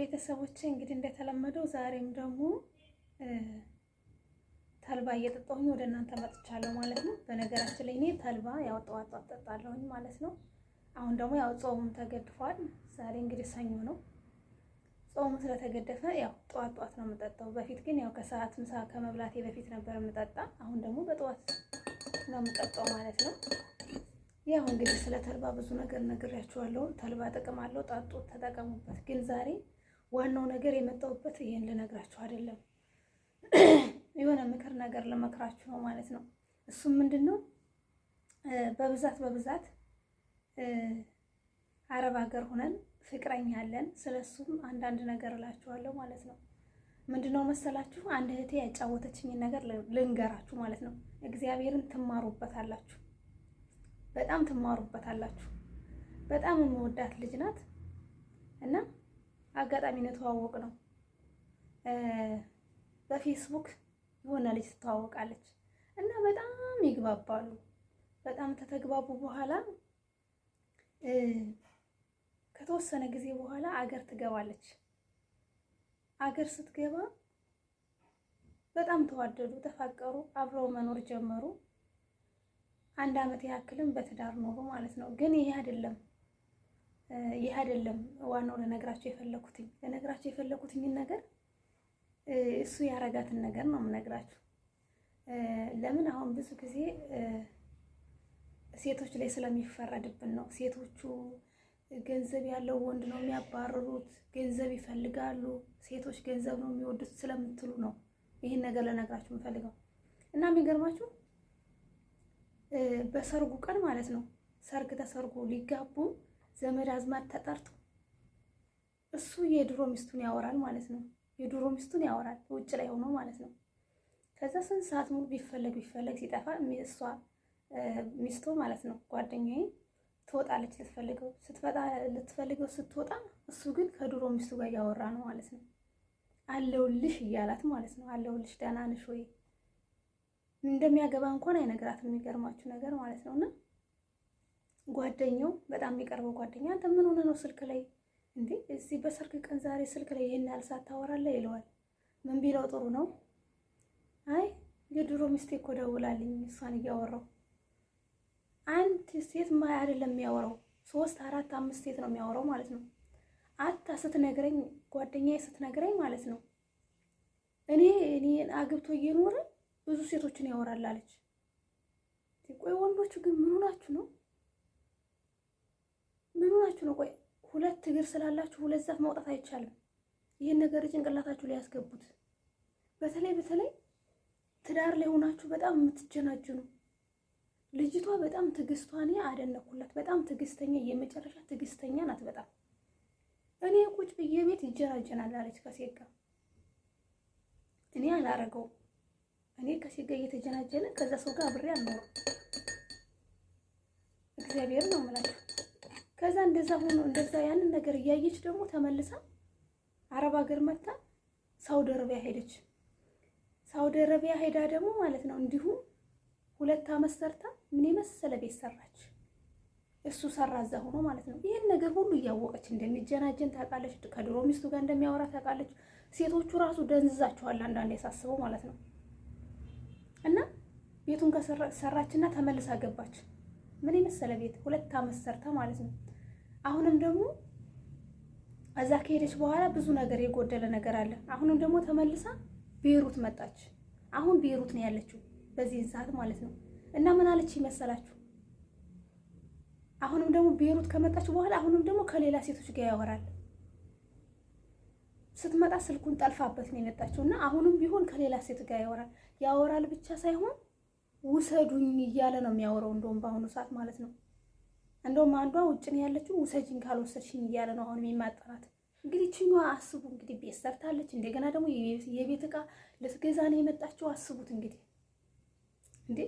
ቤተሰቦች እንግዲህ እንደተለመደው ዛሬም ደግሞ ተልባ እየጠጣሁኝ ወደ እናንተ መጥቻለሁ ማለት ነው። በነገራችን ላይ እኔ ተልባ ያው ጠዋት ጠዋት ጠጣለሁኝ ማለት ነው። አሁን ደግሞ ያው ጾሙም ተገድፏል። ዛሬ እንግዲህ ሰኞ ነው። ጾሙ ስለተገደፈ ያው ጠዋት ጠዋት ነው የምጠጣው። በፊት ግን ያው ከሰዓት ምሳ ከመብላቴ በፊት ነበር የምጠጣ። አሁን ደግሞ በጠዋት ነው የምጠጣው ማለት ነው። ያው እንግዲህ ስለ ተልባ ብዙ ነገር ነግሬያችኋለሁ። ተልባ ጥቅም አለው፣ ተጠቀሙበት። ግን ዛሬ ዋናው ነገር የመጣሁበት ይሄን ልነግራችሁ አይደለም፣ የሆነ ምክር ነገር ልመክራችሁ ነው ማለት ነው። እሱም ምንድን ነው በብዛት በብዛት አረብ ሀገር ሆነን ፍቅረኛ አለን። ስለሱም አንዳንድ ነገር እላችኋለሁ ማለት ነው። ምንድነው መሰላችሁ አንድ እህቴ ያጫወተችኝን ነገር ልንገራችሁ ማለት ነው። እግዚአብሔርን ትማሩበታላችሁ፣ በጣም ትማሩበታላችሁ። በጣም የምወዳት ልጅ ናት እና አጋጣሚ ነው የተዋወቅ ነው። በፌስቡክ የሆነ ልጅ ትተዋወቃለች እና በጣም ይግባባሉ። በጣም ተተግባቡ በኋላ ከተወሰነ ጊዜ በኋላ አገር ትገባለች። አገር ስትገባ በጣም ተዋደዱ፣ ተፋቀሩ፣ አብረው መኖር ጀመሩ። አንድ ዓመት ያክልም በትዳር ኖሩ ማለት ነው። ግን ይሄ አይደለም ይህ አይደለም ዋናው ልነግራቸው የፈለኩትኝ ልነግራቸው የፈለኩትኝ ነገር እሱ ያረጋትን ነገር ነው የምነግራችሁ። ለምን አሁን ብዙ ጊዜ ሴቶች ላይ ስለሚፈረድብን ነው። ሴቶቹ ገንዘብ ያለው ወንድ ነው የሚያባረሩት፣ ገንዘብ ይፈልጋሉ፣ ሴቶች ገንዘብ ነው የሚወዱት ስለምትሉ ነው ይህን ነገር ልነግራችሁ የምፈልገው እና የሚገርማችሁ በሰርጉ ቀን ማለት ነው ሰርግ ተሰርጎ ሊጋቡ ዘመድ አዝማድ ተጠርቶ እሱ የድሮ ሚስቱን ያወራል ማለት ነው። የድሮ ሚስቱን ያወራል ውጭ ላይ ሆኖ ማለት ነው። ከዛ ስንት ሰዓት ሙሉ ቢፈለግ ቢፈለግ ሲጠፋ እሷ ሚስቶ ማለት ነው ጓደኛዬ ትወጣለች ልትፈልገው ስትፈጣ ልትፈልገው ስትወጣ እሱ ግን ከድሮ ሚስቱ ጋር እያወራ ነው ማለት ነው። አለውልሽ እያላት ማለት ነው። አለውልሽ ደህና ነሽ ወይ እንደሚያገባ እንኳን አይነግራት የሚገርማችሁ ነገር ማለት ነው እና ጓደኛው በጣም የሚቀርበው ጓደኛ አንተ ምን ሆነ ነው ስልክ ላይ እንዴ እዚህ በሰርግ ቀን ዛሬ ስልክ ላይ ይሄን ያህል ሰዓት ይለዋል። ምን ቢለው ጥሩ ነው? አይ የድሮ ሚስቴ እኮ ደውላልኝ እሷን እያወራው። አንድ ሴት ማ አይደለም የሚያወራው ሶስት አራት አምስት ሴት ነው የሚያወራው ማለት ነው። አታ ስትነግረኝ ጓደኛዬ ስትነግረኝ ማለት ነው እኔ እኔ አግብቶ እየኖረ ብዙ ሴቶችን ያወራል አለች። ቆይ ወንዶቹ ግን ምን ሆናችሁ ነው ምን ናችሁ ነው? ቆይ ሁለት እግር ስላላችሁ ሁለት ዛፍ ማውጣት አይቻልም። ይህን ነገር ጭንቅላታችሁ ላይ ያስገቡት። በተለይ በተለይ ትዳር ላይ ሆናችሁ በጣም የምትጀናጅኑ ልጅቷ በጣም ትዕግስቷን አደነኩላት። በጣም ትዕግስተኛ የመጨረሻ ትዕግስተኛ ናት። በጣም እኔ ቁጭ ብዬ ቤት ይጀናጀናል አለች ከሴት ጋር። እኔ አላረገው እኔ ከሴት ጋር እየተጀናጀነ ከዛ ሰው ጋር አብሬ አልኖርም። እግዚአብሔር ነው የምላችሁ። ከዛ እንደዛ ሆኖ እንደዛ ያንን ነገር እያየች ደግሞ ተመልሳ አረብ ሀገር መታ ሳውዲ አረቢያ ሄደች። ሳውዲ አረቢያ ሄዳ ደግሞ ማለት ነው እንዲሁም ሁለት አመት ሰርታ ምን የመሰለ ቤት ሰራች። እሱ ሰራ እዛ ሆኖ ማለት ነው። ይህን ነገር ሁሉ እያወቀች እንደሚጀናጀን ታውቃለች። ከድሮ ሚስቱ ጋር እንደሚያወራ ታውቃለች። ሴቶቹ ራሱ ደንዝዛችኋል አንዳንድ ያሳስበው ማለት ነው። እና ቤቱን ከሰራችና ተመልሳ ገባች። ምን የመሰለ ቤት ሁለት አመት ሰርታ ማለት ነው። አሁንም ደግሞ እዛ ከሄደች በኋላ ብዙ ነገር የጎደለ ነገር አለ። አሁንም ደግሞ ተመልሳ ቤሩት መጣች። አሁን ቤሩት ነው ያለችው በዚህን ሰዓት ማለት ነው። እና ምን አለች ይመሰላችሁ? አሁንም ደግሞ ቤሩት ከመጣች በኋላ አሁንም ደግሞ ከሌላ ሴቶች ጋር ያወራል። ስትመጣ ስልኩን ጠልፋበት ነው የመጣችው እና አሁንም ቢሆን ከሌላ ሴት ጋር ያወራል። ያወራል ብቻ ሳይሆን ውሰዱኝ እያለ ነው የሚያወራው እንደውም በአሁኑ ሰዓት ማለት ነው። እንደውም አንዷ ውጭ ነው ያለችው፣ ውሰጅን ካልወሰድሽኝ እያለ ነው አሁን የሚማጠራት። እንግዲህ ችኛዋ አስቡ እንግዲህ ቤት ሰርታለች፣ እንደገና ደግሞ የቤት እቃ ልትገዛ ነው የመጣችው። አስቡት እንግዲህ እንዴ!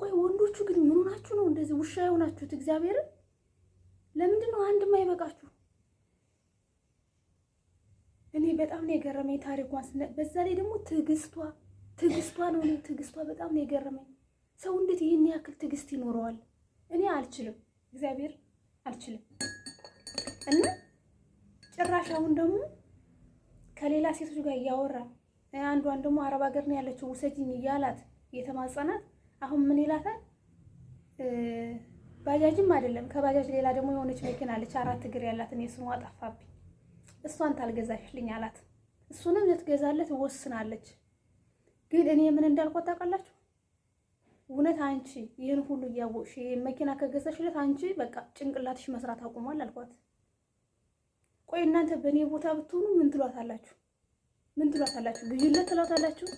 ቆይ ወንዶቹ ግን ምን ሆናችሁ ነው እንደዚህ ውሻ የሆናችሁት? እግዚአብሔርን ለምንድን ነው አንድ አይበቃችሁ? እኔ በጣም ነው የገረመኝ ታሪኳን ስነ በዛ ላይ ደግሞ ትዕግስቷ ትዕግስቷ ነው። እኔ ትዕግስቷ በጣም ነው የገረመኝ። ሰው እንዴት ይህን ያክል ትዕግስት ይኖረዋል? እኔ አልችልም። እግዚአብሔር አልችልም እና ጭራሽ አሁን ደግሞ ከሌላ ሴቶች ጋር እያወራ አንዷን ደግሞ አረብ ሀገር ነው ያለችው ውሰጅኝ እያላት የተማጸናት አሁን ምን ይላታል? ባጃጅም አይደለም ከባጃጅ ሌላ ደግሞ የሆነች መኪና አለች አራት እግር ያላትን ስሟ ጠፋብኝ። እሷን ታልገዛሽልኝ አላት። እሱንም ልትገዛለት ወስናለች። ግን እኔ ምን እንዳልኳት ታውቃላችሁ? እውነት አንቺ ይህን ሁሉ እያወቅሽ መኪና ከገዛሽለት አንቺ በቃ ጭንቅላትሽ መስራት አቁሟል አልኳት። ቆይ እናንተ በእኔ ቦታ ብትሆኑ ምን ትሏት አላችሁ? ምን ትሏት አላችሁ? ግዢለት ትሏት አላችሁ?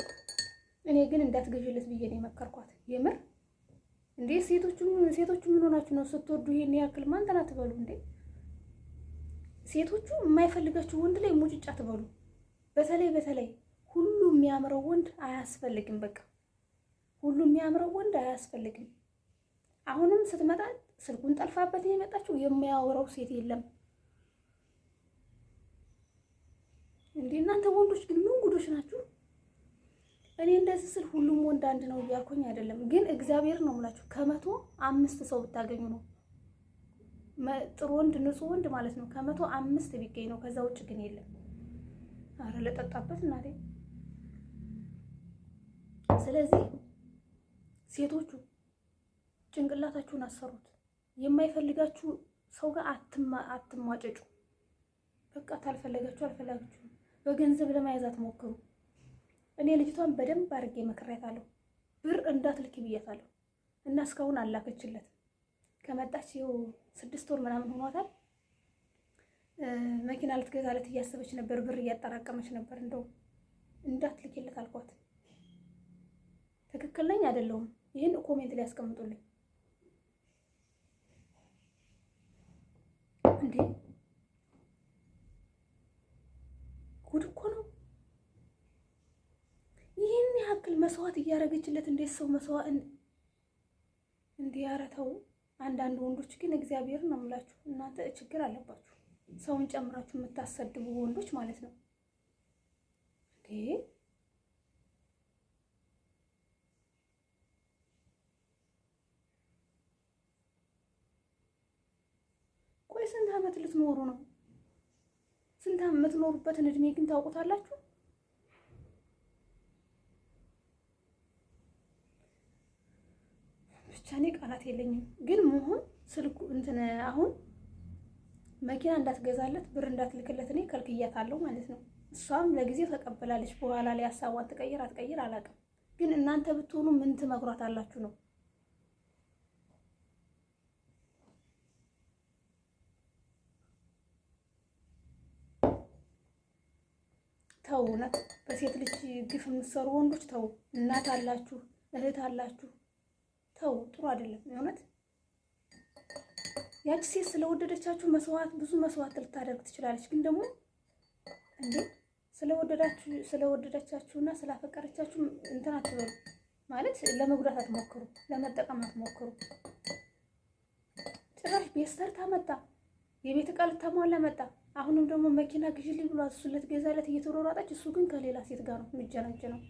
እኔ ግን እንዳትገዥለት ብዬ ነው የመከርኳት። የምር እንዴ ሴቶቹ ሴቶቹ ምን ሆናችሁ ነው ስትወዱ ይሄን ያክል ማንተን አትበሉ እንዴ? ሴቶቹ የማይፈልጋችሁ ወንድ ላይ ሙጭጫ አትበሉ። በተለይ በተለይ ሁሉ የሚያምረው ወንድ አያስፈልግም በቃ ሁሉም የሚያምረው ወንድ አያስፈልግም። አሁንም ስትመጣ ስልኩን ጠልፋበት የመጣችው የሚያወራው ሴት የለም። እንዴ እናንተ ወንዶች ግን ምን ጉዶች ናችሁ? እኔ እንደዚህ ስል ሁሉም ወንድ አንድ ነው እያልኩኝ አይደለም፣ ግን እግዚአብሔር ነው የምላችሁ ከመቶ አምስት ሰው ብታገኙ ነው ጥሩ ወንድ ንጹህ ወንድ ማለት ነው ከመቶ አምስት ቢገኝ ነው። ከዛ ውጭ ግን የለም። አረ ለጠጣበት እናቴ። ስለዚህ ሴቶቹ ጭንቅላታችሁን አሰሩት። የማይፈልጋችሁ ሰው ጋር አትሟጨጩ። በቃ ታልፈለጋችሁ አልፈለጋችሁ በገንዘብ ለመያዝ አትሞክሩ። እኔ ልጅቷን በደንብ አድርጌ መክሬያታለሁ። ብር እንዳትልኪ ብያታለሁ እና እስካሁን አላከችለት። ከመጣች ይኸው ስድስት ወር ምናምን ሆኗታል። መኪና ልትገዛለት እያሰበች ነበር፣ ብር እያጠራቀመች ነበር። እንደው እንዳትልኪለት አልኳት። ትክክል ነኝ አይደለሁም? ይህን ኮሜንት ላይ ያስቀምጡልኝ። እንዴ ጉድ እኮ ነው። ይህን ያክል መስዋዕት እያደረገችለት እንዴት ሰው መስዋዕት እንዲያረተው። አንዳንድ ወንዶች ግን እግዚአብሔር ነው የምላችሁ እናንተ ችግር አለባችሁ። ሰውን ጨምራችሁ የምታሰድቡ ወንዶች ማለት ነው እንዴ ስንት ዓመት ልትኖሩ ነው? ስንት ዓመት የምትኖሩበትን እድሜ ግን ታውቁታላችሁ? ብቻ እኔ ቃላት የለኝም። ግን መሆን ስልኩ እንትን አሁን መኪና እንዳትገዛለት ብር እንዳትልክለት እኔ ከልክያታለሁ ማለት ነው። እሷም ለጊዜው ተቀብላለች። በኋላ ላይ ሀሳቧን ትቀይር አትቀይር አላውቅም። ግን እናንተ ብትሆኑ ምን ትመክሯት አላችሁ ነው እውነት በሴት ልጅ ግፍ የምትሰሩ ወንዶች ተው። እናት አላችሁ፣ እህት አላችሁ፣ ተው። ጥሩ አይደለም። የእውነት ያቺ ሴት ስለወደደቻችሁ መስዋዕት ብዙ መስዋዕት ልታደርግ ትችላለች። ግን ደግሞ እንዴ ስለወደዳችሁ ስለወደዳቻችሁና ስላፈቀረቻችሁ እንትን አትበሉ ማለት ለመጉዳት አትሞክሩ፣ ለመጠቀም አትሞክሩ። ጭራሽ ቤት ሰርታ መጣ፣ የቤት ዕቃ ልታሟላ መጣ። አሁንም ደግሞ መኪና ግዢልኝ ብሏት እሱ ልትገዛለት እየተሯሯጠች፣ እሱ ግን ከሌላ ሴት ጋር ነው የሚጀናጅ ነው።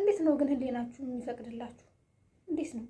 እንዴት ነው ግን ህሊናችሁ የሚፈቅድላችሁ? እንዴት ነው?